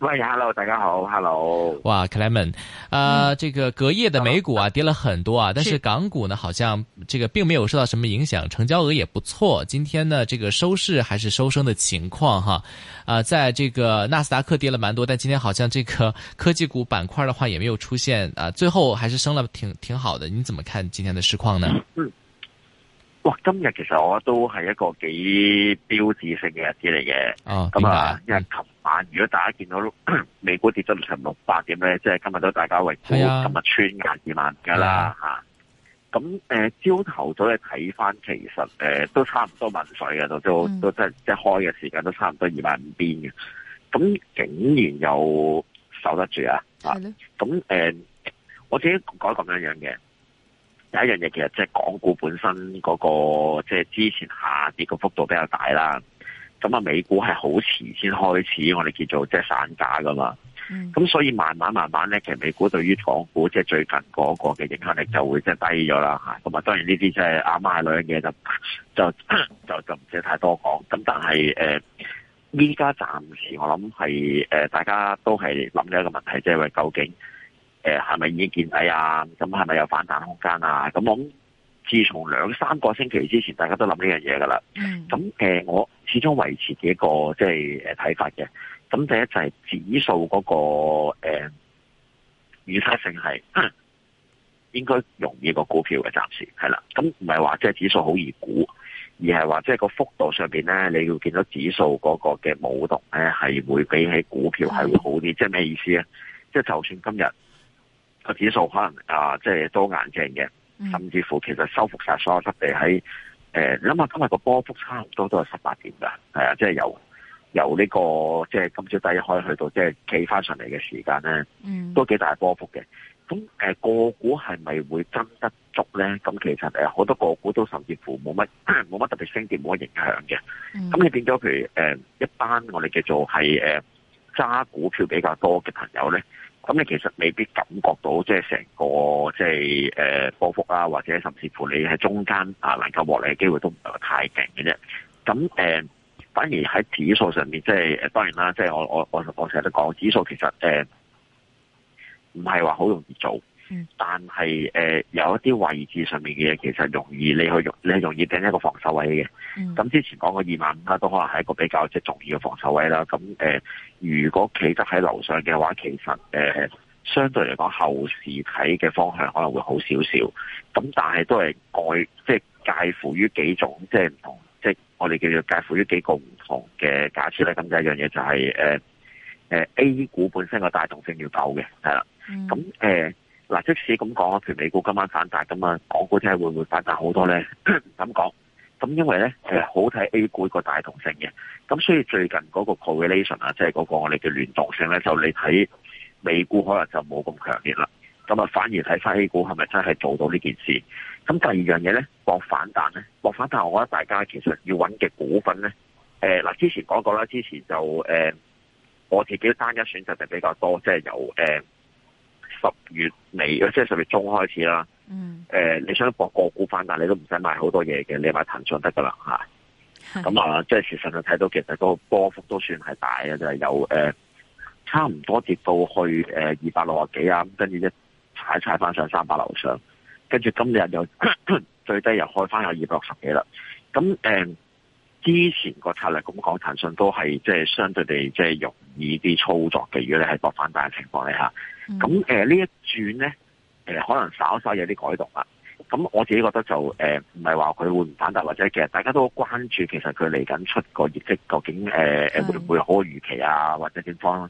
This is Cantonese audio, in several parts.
喂，Hello，大家好，Hello，哇，克萊門，啊，這個隔夜的美股啊跌了很多啊，但是港股呢，好像這個並沒有受到什麼影響，成交額也不錯，今天呢，這個收市還是收升的情況哈，啊、呃，在這個納斯達克跌了蠻多，但今天好像這個科技股板塊的話也沒有出現，啊、呃，最後還是升了挺，挺挺好的，你怎麼看今天的市況呢？嗯，哇，今日其實我都係一個幾標誌性嘅日子嚟嘅，哦、啊，咁啊、嗯，啊、如果大家見到咳咳美股跌咗成六百點咧，即係今日都大家為股今日穿硬二萬㗎喇。咁，誒朝頭早咧，睇翻，其實誒、呃、都差唔多文水嘅，都、嗯、都都即係即開嘅時間都差唔多二萬五邊嘅。咁竟然又守得住啊？咁、啊、誒的、啊呃，我自己改咁樣樣嘅第一樣嘢，其實即係港股本身嗰、那個即係、就是、之前下跌個幅度比較大啦。咁啊，美股係好遲先開始，我哋叫做即係散架噶嘛。咁、嗯、所以慢慢慢慢咧，其實美股對於港股即係最近嗰個嘅影響力就會即係低咗啦吓。咁啊、嗯，當然呢啲即係阿媽女人嘅嘢就就就就唔使太多講。咁但係誒，依家暫時我諗係誒，大家都係諗咗一個問題，即係話究竟誒係咪已經見底啊？咁係咪有反彈空間啊？咁我。自從兩三個星期之前，大家都諗呢樣嘢噶啦。咁的，誒、呃，我始終維持幾、這個、就是那個即係誒睇法嘅。咁第一就係指數嗰個誒，預測性係應該容易過股票嘅，暫時係啦。咁唔係話即係指數好易估，而係話即係個幅度上邊咧，你要見到指數嗰個嘅波動咧係會，會比起股票係會好啲。的即係咩意思咧？即、就、係、是、就算今日個指數可能啊，即係多眼鏡嘅。嗯、甚至乎其實收復曬所有失地喺誒，諗、呃、下今日個波幅差唔多都係十八點㗎，係啊，即係由由呢、呢個即係今朝低開去到即係企翻上嚟嘅時間咧，嗯、都幾大波幅嘅。咁、誒個股係咪會跟得足咧？咁其實好多個股都甚至乎冇乜冇乜特別升跌，冇乜影響嘅。咁你、嗯、變咗譬如、呃、一班我哋叫做係誒揸股票比較多嘅朋友咧。咁你其實未必感覺到，即係成個即係誒波幅啊，或者甚至乎你喺中間啊，能夠獲利嘅機會都唔係話太勁嘅啫。咁誒，反而喺指數上面，即係當然啦，即係我我我我成日都講，指數其實誒唔係話好容易做。嗯、但係誒、呃，有一啲位置上面嘅嘢，其實容易你去，你係容易掟一個防守位嘅。咁、嗯、之前講過二萬五啦，都可能係一個比較即係重要嘅防守位啦。咁誒、呃，如果企得喺樓上嘅話，其實誒、呃、相對嚟講後市睇嘅方向可能會好少少。咁但係都係外，即、就、係、是、介乎於幾種，即係唔同，即、就、係、是、我哋叫做介乎於幾個唔同嘅假設咧。咁就一樣嘢就係誒誒，A 股本身個帶動性要走嘅，係啦。咁誒。呃嗱，即使咁講啊，譬如美股今晚反彈，咁啊，港股真係會唔會反彈好多咧？唔敢講，咁 因為咧誒，好睇 A 股個大同性嘅，咁所以最近嗰個 correlation 啊、那個，即係嗰個我哋嘅聯動性咧，就你睇美股可能就冇咁強烈啦，咁啊，反而睇翻 A 股係咪真係做到呢件事？咁第二樣嘢咧，博反彈咧，博反彈，我覺得大家其實要揾嘅股份咧，誒、呃、嗱，之前講過啦，之前就、呃、我自己單一選擇就比較多，即、就、係、是、有、呃十月尾，即係十月中開始啦。嗯，誒、呃，你想博個股翻，但你都唔使買好多嘢嘅，你買騰訊得噶啦吓。咁啊，的嗯、即係事實上睇到其實個波幅都算係大嘅，就係、是、有誒、呃、差唔多跌到去誒二百六十幾啊，咁跟住一踩踩翻上三百樓上，跟住今日又咳咳最低又開翻有二百六十幾啦。咁誒。呃之前個策略咁講，騰訊都係即係相對地即係容易啲操作嘅。如果你係博反彈嘅情況咧嚇，咁誒、嗯呃、呢一轉咧誒，可能稍稍有啲改動啦。咁我自己覺得就誒，唔係話佢會唔反彈，或者其實大家都好關注，其實佢嚟緊出個業績究竟誒誒、呃、是會唔會好過預期啊，或者點方？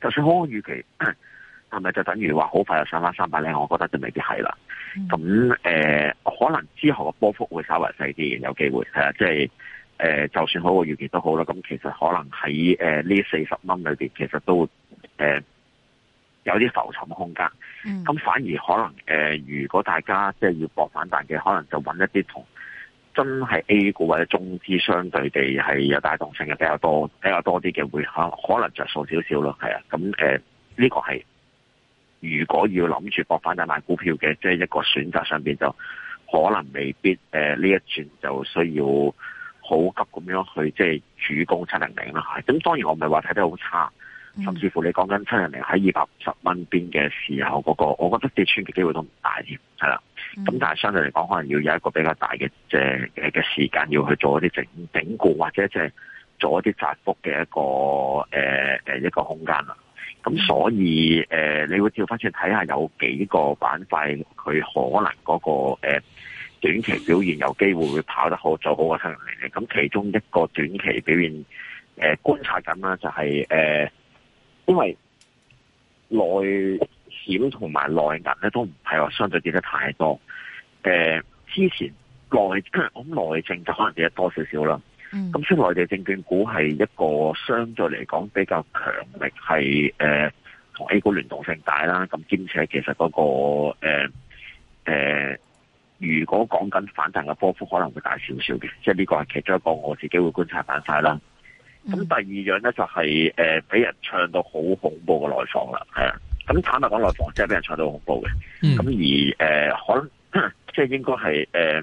就算好過預期。 係咪就等於話好快就上翻三百零？我覺得就未必係啦。咁誒、呃，可能之後嘅波幅會稍微細啲，有機會係啊，即係誒，就算好過預期都好啦。咁其實可能喺誒呢四十蚊裏邊，其實都誒、呃、有啲浮沉空間。咁、嗯、反而可能誒、呃，如果大家即係要搏反彈嘅，可能就揾一啲同真係 A 股或者中資相對地係有帶動性嘅比較多，比較多啲嘅會可可能着數少少咯。係啊，咁誒呢個係。如果要諗住博反震買股票嘅，即係一個選擇上邊就可能未必誒呢、呃、一轉就需要好急咁樣去即係主攻七零零啦嚇。咁當然我唔係話睇得好差，甚至乎你講緊七零零喺二百五十蚊邊嘅時候嗰、嗰個，我覺得跌穿嘅機會都唔大添，係啦。咁但係相對嚟講，可能要有一個比較大嘅即係嘅時間要去做一啲整整固或者即係做一啲窄幅嘅一個誒誒、呃、一個空間啦。咁所以，誒、呃，你會照翻轉睇下，有幾個板塊佢可能嗰、那個、呃、短期表現有機會會跑得好，做好個吸引力。咁、嗯、其中一個短期表現誒、呃、觀察緊啦、就是，就係誒，因為內險同埋內銀咧都唔係話相對跌得太多。誒、呃，之前內我諗內證就可能跌得多少少啦。咁先內地證券股係一個相對嚟講比較強力，係誒同 A 股聯動性大啦。咁兼且其實嗰、那個誒誒、呃呃，如果講緊反彈嘅波幅，可能會大少少嘅。即係呢個係其中一個我自己會觀察板塊啦。咁第二樣咧就係誒俾人唱到好恐怖嘅內房啦，係啊。咁坦白講，內房即係俾人唱到恐怖嘅。咁、嗯、而誒、呃，可能即係應該係誒。呃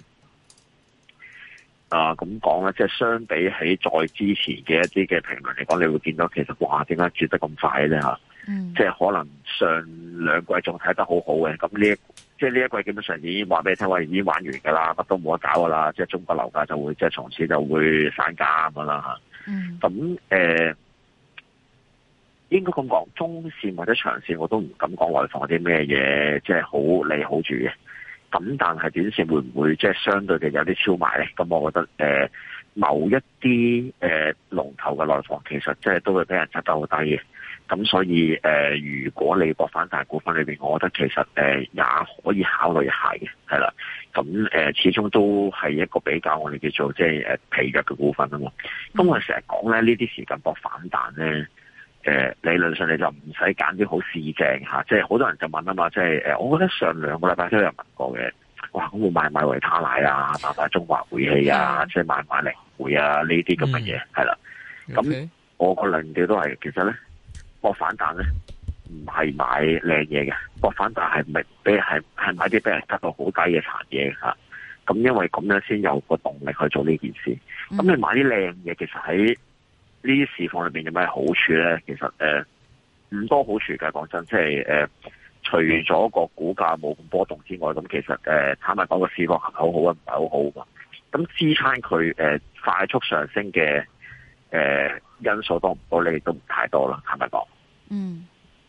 啊，咁講呢，即係相比起再之前嘅一啲嘅評論嚟講，你會見到其實哇，點解跌得咁快呢？吓、嗯，即係可能上兩季仲睇得好好嘅，咁呢即係呢一季基本上已經話俾你聽，話已經玩完噶啦，乜都冇得搞噶啦，即係中國樓價就會即係從此就會散價咁啦。吓、嗯，咁誒、呃，應該咁講，中線或者長線，我都唔敢講外房啲咩嘢，即係好利好住嘅。咁但係短線會唔會即係相對嘅有啲超賣咧？咁我覺得誒、呃、某一啲誒、呃、龍頭嘅內房其實即係都會畀啲人拆得好低嘅，咁所以誒、呃、如果你博反彈股份裏面，我覺得其實誒、呃、也可以考慮下嘅，係啦。咁誒、呃、始終都係一個比較我哋叫做即係誒疲弱嘅股份啊嘛。咁我哋成日講咧，呢啲時間博反彈咧。誒，理論上你就唔使揀啲好市正吓，即係好多人就問啊嘛，即係誒，我覺得上兩個禮拜都有問過嘅，哇，咁會買唔買維他奶啊，買唔買中華煤氣啊，即係買唔買領匯啊呢啲咁嘅嘢，係啦，咁我個論調都係，其實咧，我反彈咧唔係買靚嘢嘅，我反彈係明俾係係買啲俾人得到好低嘅殘嘢吓，咁因為咁樣先有個動力去做呢件事，咁、嗯、你買啲靚嘢，其實喺。呢啲市況裏邊有咩好處咧？其實誒，唔多好處嘅。講真，即係誒，除咗個股價冇咁波動之外，咁其實誒，坦白講個市況係好好啊，唔係好好噶。咁支撐佢誒快速上升嘅誒因素，多唔多咧？都唔太多啦，坦白講。嗯。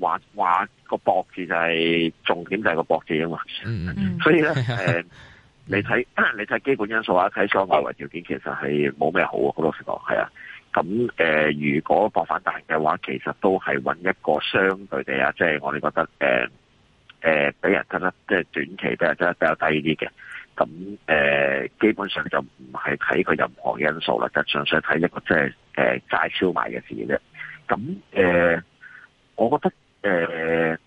話話個博字就係、是、重點就係個博字啊嘛，嗯、所以咧誒，你睇你睇基本因素啊，睇所有外圍條件其實係冇咩好，好老實講係啊。咁誒、呃，如果博反彈嘅話，其實都係揾一個相對地啊，即、就、係、是、我哋覺得誒誒，呃呃、比人得得，即、就、係、是、短期比人得得比較低啲嘅。咁誒、呃，基本上就唔係睇佢任何嘅因素啦，就純想睇一個即係誒超買嘅事啫。咁誒。呃嗯我覺得誒、呃，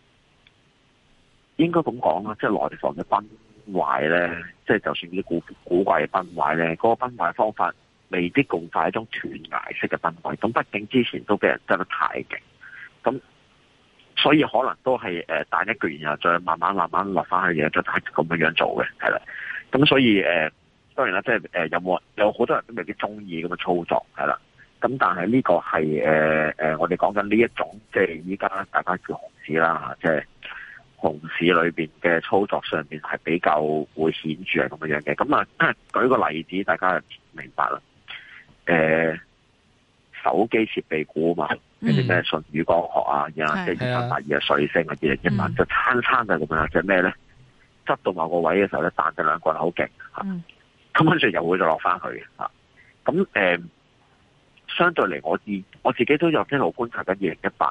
應該咁講啦，即係內房嘅崩壞咧，即係就算啲古古怪嘅崩壞咧，嗰、那個崩壞方法未必咁快，一種斷崖式嘅崩壞。咁畢竟之前都俾人真得太勁，咁所以可能都係誒彈一拳，然後再慢慢慢慢落翻去，然後再打咁樣樣做嘅，係啦。咁所以誒、呃，當然啦，即係誒、呃、有冇有好多人都未必中意咁嘅操作，係啦。咁、嗯、但係呢個係誒誒，我哋講緊呢一種，即係依家大家叫熊市啦吓，即係熊市裏邊嘅操作上邊係比較會顯著啊咁樣樣嘅。咁啊，舉個例子，大家明白啦。誒、呃，手機設備股啊嘛，嗰啲咩舜宇光學啊，啊即係二三八二啊、瑞聲啊啲嚟嘅嘛，的嗯、就餐餐就咁樣，即係咩咧？執到某個位嘅時候咧，彈咗兩個人好勁吓，咁跟住又會再落翻去咁誒。啊啊嗯相對嚟，我自我自己都有一路觀察緊二零一八，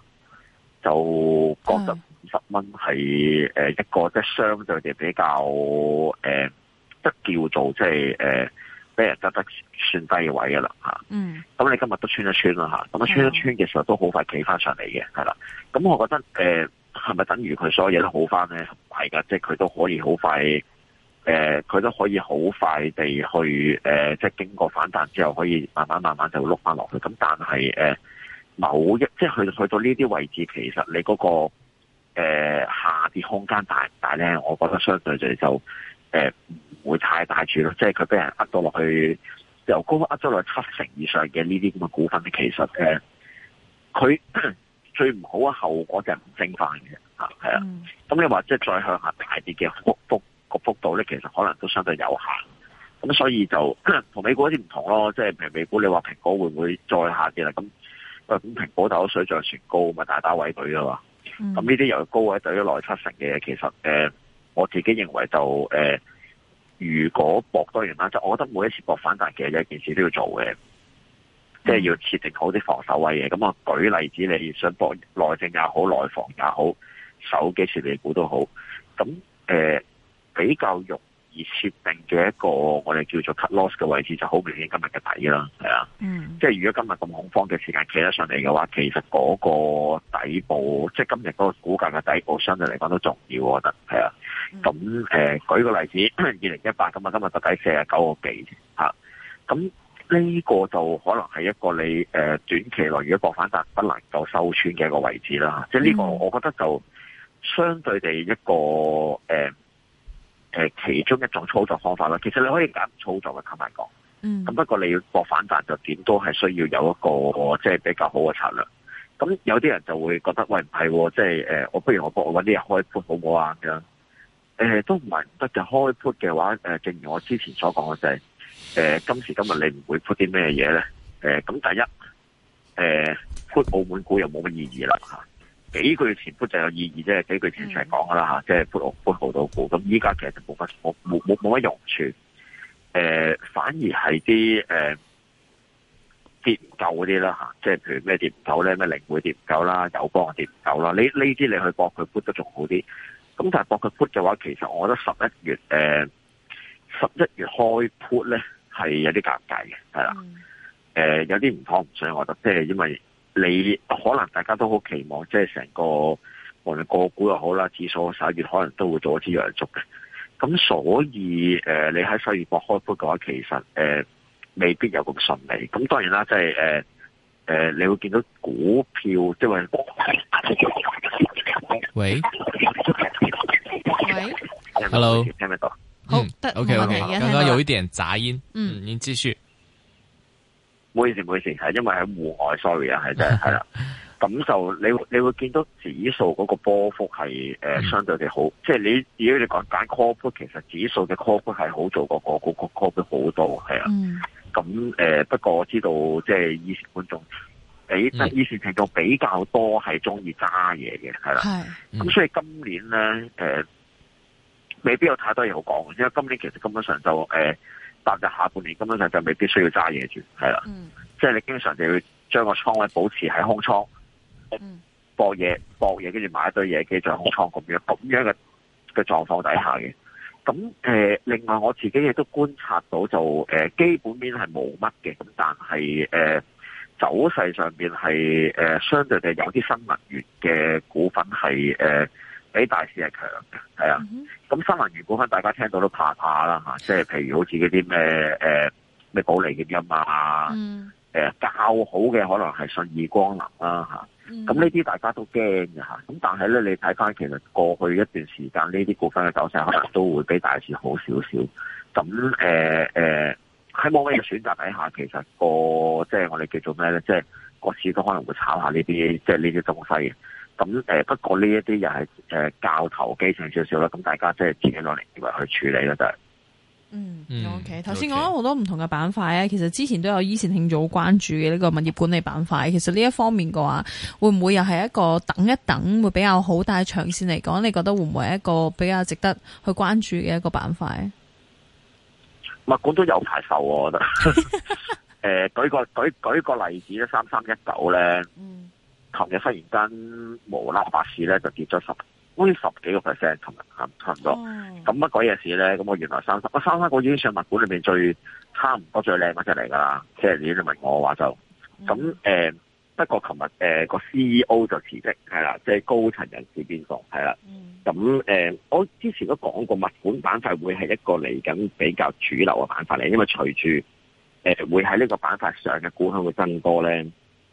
就覺得五十蚊係誒一個的即係相對地比較誒，呃，即係叫做即係誒俾人覺得算低位嘅啦嚇。嗯，咁你今日都穿一穿啦嚇，咁啊穿一穿嘅時候都好快企翻上嚟嘅，係啦。咁我覺得誒係咪等於佢所有嘢都好翻咧？係㗎，即係佢都可以好快。誒，佢、呃、都可以好快地去，誒、呃，即係經過反彈之後，可以慢慢慢慢就碌翻落去。咁但係，誒、呃，某一即係去去到呢啲位置，其實你嗰、那個誒、呃、下跌空間大唔大咧，我覺得相對就就誒唔會太大住咯。即係佢俾人壓到落去，由高壓咗落去七成以上嘅呢啲咁嘅股份，其實誒，佢、呃、最唔好嘅後果就係唔升翻嘅吓，係啊。咁、嗯嗯、你話即係再向下大啲嘅幅幅？個幅度咧，其實可能都相對有限，咁所以就同美股一啲唔同咯。即係譬如美股，你話蘋果會唔會再下跌啦？咁蘋咁蘋果就有水漲船高，咪大打位舉啊嘛。咁呢啲由高位對咗內七成嘅嘢，其實誒、呃，我自己認為就誒、呃，如果博多型啦，就我覺得每一次博反彈其實有一件事都要做嘅，嗯、即係要設定好啲防守位嘅。咁我舉例子，你想博內政也好，內房也好，手幾潛力股都好，咁誒。呃比較容易設定嘅一個我哋叫做 cut loss 嘅位置，就好明顯今日嘅底啦，係啊，嗯、即係如果今日咁恐慌嘅時間企得上嚟嘅話，其實嗰個底部，即係今日嗰個股價嘅底部，相對嚟講都重要，我覺得係啊。咁誒、呃，舉個例子，二零一八咁日，今日就底四啊九個幾嚇，咁呢個就可能係一個你誒、呃、短期內如果博反彈不能夠收穿嘅一個位置啦。嗯、即係呢個，我覺得就相對地一個誒。呃誒，其中一種操作方法啦，其實你可以揀操作嘅坦白講，咁、嗯、不過你要博反彈就點都係需要有一個即係、就是、比較好嘅策略。咁有啲人就會覺得，喂唔係，即係誒，我不如我幫我啲嘢開盤好冇啊咁。誒、欸、都唔係唔得嘅，開盤嘅話，誒正如我之前所講嘅就係、是，誒、欸、今時今日你唔會 put 啲咩嘢咧？誒、欸、咁第一，誒、欸、put 澳門股又冇乜意義啦。幾個月前 put 就有意義，即係幾個月前講噶啦吓，即係 put 好到股，咁依家其實就冇乜冇冇冇乜用處。誒、呃，反而係啲誒跌唔夠嗰啲啦吓，即係譬如咩跌唔夠咧？咩領匯跌唔夠啦，友邦我跌唔夠啦，呢呢啲你去搏佢 put 得仲好啲。咁但係搏佢 put 嘅話，其實我覺得十一月誒十一月開 put 咧係有啲尷尬嘅，係啦，誒、mm. 啊、有啲唔妥唔上，我覺得即係因為。你可能大家都好期望，即係成個無論個股又好啦，指數十月可能都會做一支陽燭嘅。咁所以誒、呃，你喺十月博開盤嘅話，其實誒、呃、未必有咁順利。咁當然啦，即係誒誒，你會見到股票即係喂喂聽，hello，聽唔好 Okay, 聽到？好，得 OK OK。剛剛有一點雜音，嗯，您繼續。唔好意思，唔好意思，係因為喺戶外，sorry 啊，係真係啦，咁就你你會見到指數嗰個波幅係誒相對地好，即係你如果你講揀 call 股，其實指數嘅 call 股係好做過個股 call 股好多，係啊，咁誒不過我知道即係以前觀眾比以前聽眾比較多係中意揸嘢嘅，係啦，咁所以今年咧誒未必有太多嘢好講，因為今年其實根本上就誒。但就下半年根本上就未必需要揸嘢住，係啦，即係、mm. 你經常就要將個倉位保持喺空倉、mm.，搏嘢搏嘢，跟住買一堆嘢，跟住再空倉咁樣，咁樣嘅嘅狀況底下嘅。咁誒、呃，另外我自己亦都觀察到就誒、呃，基本面係冇乜嘅，咁但係誒、呃，走勢上邊係誒，相對地有啲新能源嘅股份係誒。呃比大市係強嘅，係啊，咁、嗯、哼新能源股份大家聽到都怕怕啦吓，即、啊、係譬如好似嗰啲咩誒咩保利協鑫啊，誒較、嗯呃、好嘅可能係信義光能啦吓，咁呢啲大家都驚嘅吓，咁、啊、但係咧你睇翻其實過去一段時間呢啲股份嘅走勢，可能都會比大市好少少，咁誒誒喺冇乜嘅選擇底下，其實、那個即係、就是、我哋叫做咩咧，即、就、係、是、個市都可能會炒下呢啲，即係呢啲東西。就是咁誒、嗯，不過呢一啲又係誒教，投機性少少啦，咁大家即係自己落嚟點去處理啦就係。嗯，嗯，OK。頭先講好多唔同嘅板塊咧，其實之前都有以前慶早關注嘅呢個物業管理板塊。其實呢一方面嘅話，會唔會又係一個等一等會比較好，大長線嚟講？你覺得會唔會係一個比較值得去關注嘅一個板塊？物管、嗯、都有排售，我覺得。誒、 呃，舉個舉舉個例子咧，三三一九咧。嗯琴日忽然間無啦啦市咧就跌咗十好似十幾個 percent，琴日差唔多。咁乜鬼嘢市咧？咁我原來三三我三三個已經上物管裏面最差唔多最靚嗰隻嚟㗎啦。即係你你問我嘅話就咁誒、mm. 呃。不過琴日誒個、呃、CEO 就辭職係啦，即係高層人士變房係啦。咁誒、mm. 呃，我之前都講過物管板塊會係一個嚟緊比較主流嘅板塊嚟，因為隨住、呃、會喺呢個板塊上嘅股份會增多咧。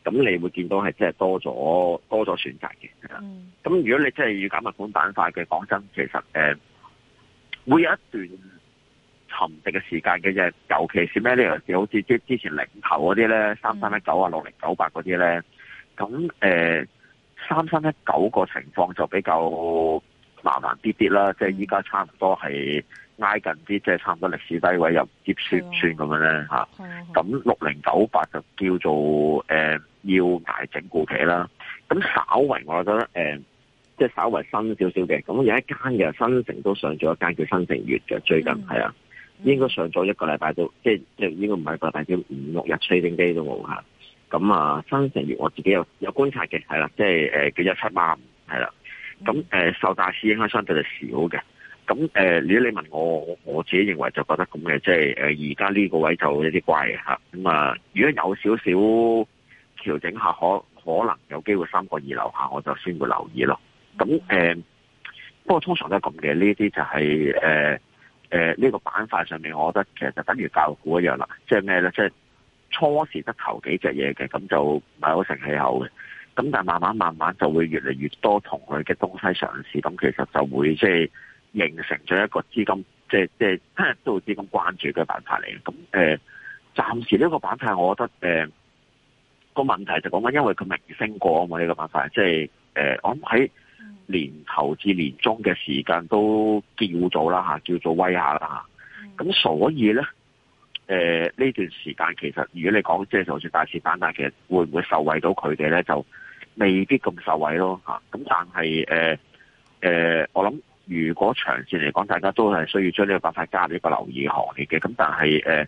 咁你會見到係即係多咗多咗選擇嘅，咁、嗯、如果你真係要揀物管板塊嘅，講真其實、呃、會有一段沉寂嘅時間嘅啫，尤其是咩呢樣好似即、嗯、之前領頭嗰啲咧，三三一九啊，六零九八嗰啲咧，咁誒三三一九個情況就比較麻煩啲啲啦，嗯、即係依家差唔多係挨近啲，即、就、係、是、差唔多歷史低位又跌穿算咁樣咧，咁六零九八就叫做、呃要捱整固期啦，咁稍為我覺得、呃、即係稍為新少少嘅，咁有一間嘅新城都上咗一間叫新城月嘅，最近係、嗯、啊，應該上咗一個禮拜都，即係即係應該唔係一個禮拜，叫五六日 trading day 都冇嚇。咁啊，啊，新城月我自己有有觀察嘅，係啦、啊，即係幾日一七萬，係啦、啊，咁、嗯啊、受大市影響相對就少嘅。咁誒、呃，如果你問我，我自己認為就覺得咁嘅，即係而家呢個位就有啲怪咁啊、呃，如果有少少。調整下可可能有機會三個二樓下我就先會留意咯。咁、mm hmm. 呃、不過通常都係咁嘅。呢啲就係、是、呢、呃呃呢個板塊上面，我覺得其實就等於教育股一樣啦。即係咩咧？即、就、係、是、初時得投幾隻嘢嘅，咁就唔係好成氣候嘅。咁但係慢慢慢慢就會越嚟越多同類嘅東西上市，咁其實就會即係形成咗一個資金，即係即係都會資金關注嘅板塊嚟嘅。咁、呃、暫時呢個板塊，我覺得、呃個問題就講緊，因為佢明星過啊嘛，呢、這個板塊，即係誒，我諗喺年頭至年中嘅時間都叫咗啦吓，叫做威下啦吓，咁、嗯、所以咧，誒、呃、呢段時間其實如果你講即係就算大市反彈，其實會唔會受惠到佢哋咧？就未必咁受惠咯吓。咁但係誒誒，我諗如果長線嚟講，大家都係需要將呢個板塊加咗一個留意行列嘅。咁但係誒。呃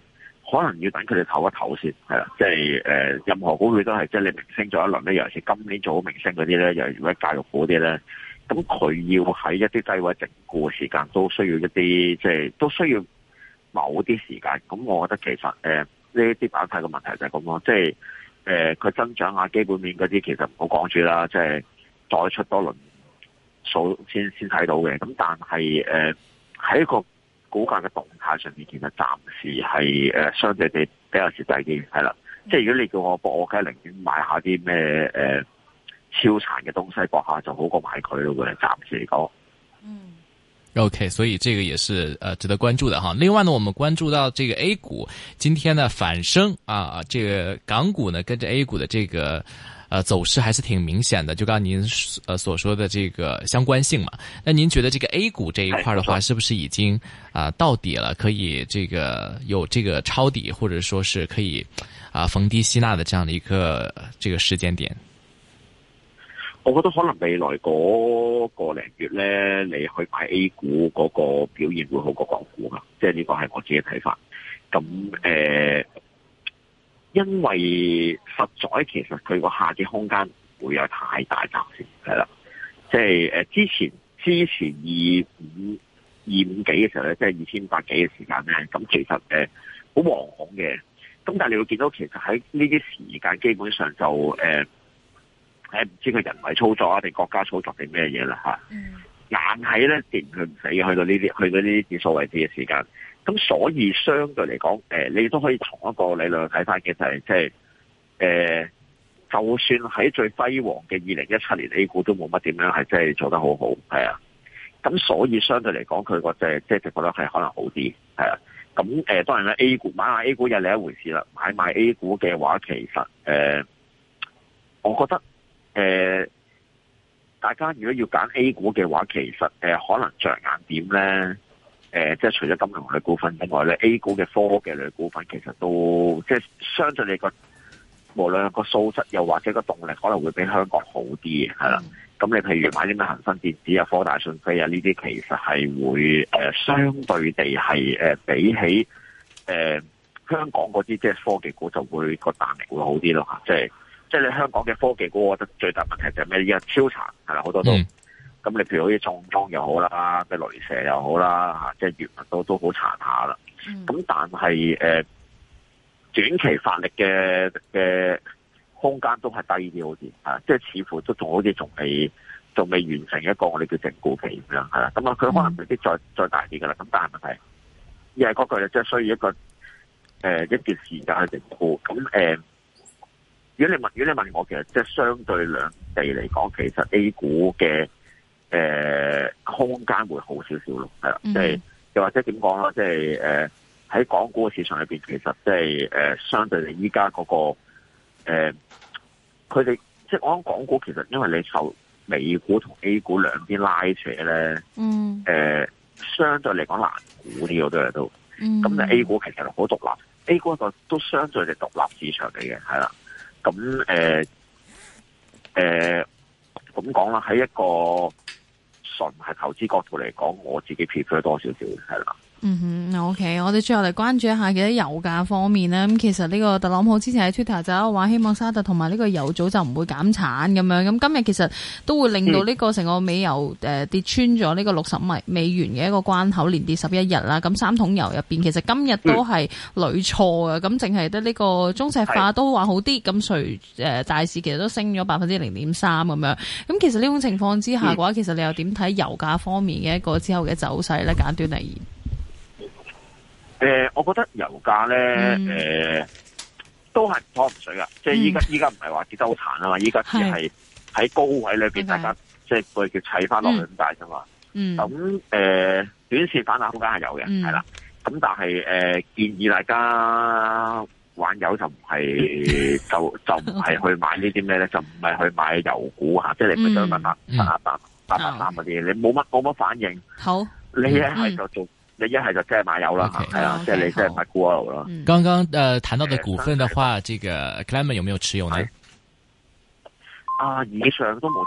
可能要等佢哋唞一唞先，係啦，即係、呃、任何股票都係，即係你明星咗一輪咧，尤其是今年做好明星嗰啲咧，又係如果教育啲咧，咁佢要喺一啲低位整固嘅時間，都需要一啲，即係都需要某啲時間。咁我覺得其實呢一啲板塊嘅問題就係咁咯，即係佢、呃、增長下基本面嗰啲其實唔好講住啦，即、就、係、是、再出多輪數先先睇到嘅。咁但係喺、呃、一個。股價嘅動態上面，其實暫時係誒、呃、相對地比較蝕底啲，係啦。嗯、即係如果你叫我博，我梗係寧願買下啲咩誒超殘嘅東西博下，就好過買佢咯。暫時嚟講。嗯。OK，所以呢個也是誒、呃、值得關注嘅。哈。另外呢，我們關注到呢個 A 股今天呢反升啊，呢個港股呢跟着 A 股嘅呢個。呃，走勢還是挺明顯的，就剛您呃所說的這個相關性嘛。那您覺得這個 A 股這一塊的話，是不是已經啊到底了，可以這個有這個抄底，或者說是可以啊逢低吸納的這樣的一個這個時間點？我覺得可能未來嗰個零月呢，你去買 A 股嗰個表現會好過港股噶，即係呢個係我自己睇法。咁誒。呃因為實在其實佢個下跌空間唔會有太大，頭先係啦，即係誒之前之前二五二五幾嘅時候咧，即係二千五百幾嘅時間咧，咁其實誒好惶恐嘅，咁但係你會見到其實喺呢啲時間基本上就誒誒唔知佢人為操作啊，定國家操作定咩嘢啦吓，硬係咧跌唔去唔死，去到呢啲去到呢啲指數位置嘅時間。咁所以相對嚟講，誒、呃，你都可以同一個理論去睇翻嘅就係即係，誒、呃，就算喺最輝煌嘅二零一七年 A 股都冇乜點樣係真係做得好好，係啊。咁所以相對嚟講，佢個即係即係隻股咧，係可能好啲，係啊。咁誒、呃，當然啦，A 股買下 A 股又另一回事啦。買買 A 股嘅話，其實誒、呃，我覺得誒、呃，大家如果要揀 A 股嘅話，其實誒、呃，可能着眼點咧。誒、呃，即係除咗金融類股份之外咧，A 股嘅科技類股份其實都即係相對你個無論個素質又或者個動力，可能會比香港好啲，係啦。咁、嗯、你譬如買啲咩恒生電子啊、科大訊飛啊呢啲，這些其實係會誒、呃、相對地係誒、呃、比起誒、呃、香港嗰啲即係科技股就會、那個彈力會好啲咯，即係即係你香港嘅科技股，我覺得最大問題就係咩？係超殘係啦，好多都。嗯咁你譬如好似重裝又好啦，咩雷射又好啦，即、啊、係、就是、原文都都好殘下啦。咁、嗯、但係誒短期發力嘅嘅、呃、空間都係低啲，好似即係似乎都仲好似仲未，仲未完成一個我哋叫整固期咁樣啦，咁啊，佢可能未必再、嗯、再大啲噶啦。咁但係問題，亦係嗰句，即、就、係、是、需要一個誒、呃、一段時間去整固。咁誒、呃，如果你問，如果你問我，其實即係相對兩地嚟講，其實 A 股嘅。誒、呃，空間會好少少咯，係啦，即係、嗯、又或者點講咧，即係誒喺港股嘅市場裏邊，其實即係誒相對你依家嗰個誒，佢、呃、哋即係我諗港股其實因為你受美股同 A 股兩邊拉扯咧，嗯，誒、呃、相對嚟講難估呢個都係都，咁就、嗯、A 股其實好獨立、嗯、，A 股一個都相對你獨立市場嚟嘅，係啦，咁誒誒咁講啦，喺、呃呃、一個。從唔係投資角度嚟講，我自己 prefer 多少少，係啦。嗯哼，OK，我哋最後嚟關注一下嘅啲油價方面呢，咁其實呢個特朗普之前喺 Twitter 就話希望沙特同埋呢個油組就唔會減產咁樣。咁今日其實都會令到呢個成個美油誒跌穿咗呢個六十米美元嘅一個關口，連跌十一日啦。咁三桶油入邊，其實今日都係屢挫嘅。咁淨係得呢個中石化都話好啲。咁是隨誒大、呃、市其實都升咗百分之零點三咁樣。咁其實呢種情況之下嘅話，嗯、其實你又點睇油價方面嘅一個之後嘅走勢呢？簡短嚟言誒、呃，我覺得油價咧，誒、嗯呃，都係唔湯唔水噶，即係依家依家唔係話跌得好慘啊嘛，依家只係喺高位裏邊，大家 okay，即係叫砌翻落去咁大咋嘛。咁誒、嗯嗯呃，短線反彈空間係有嘅，係啦、嗯。咁但係誒、呃，建議大家玩油就唔係就就唔係去買呢啲咩咧，就唔係去買油股吓，即係你唔想問下八八八八八嗰啲，你冇乜冇乜反應。好，你一呢係、嗯、就做。一係就即係買油啦，係啦，即係你即係買股咯。剛剛誒談到嘅股份嘅話，這個 Clayman 有沒有持有呢？啊，以上都冇。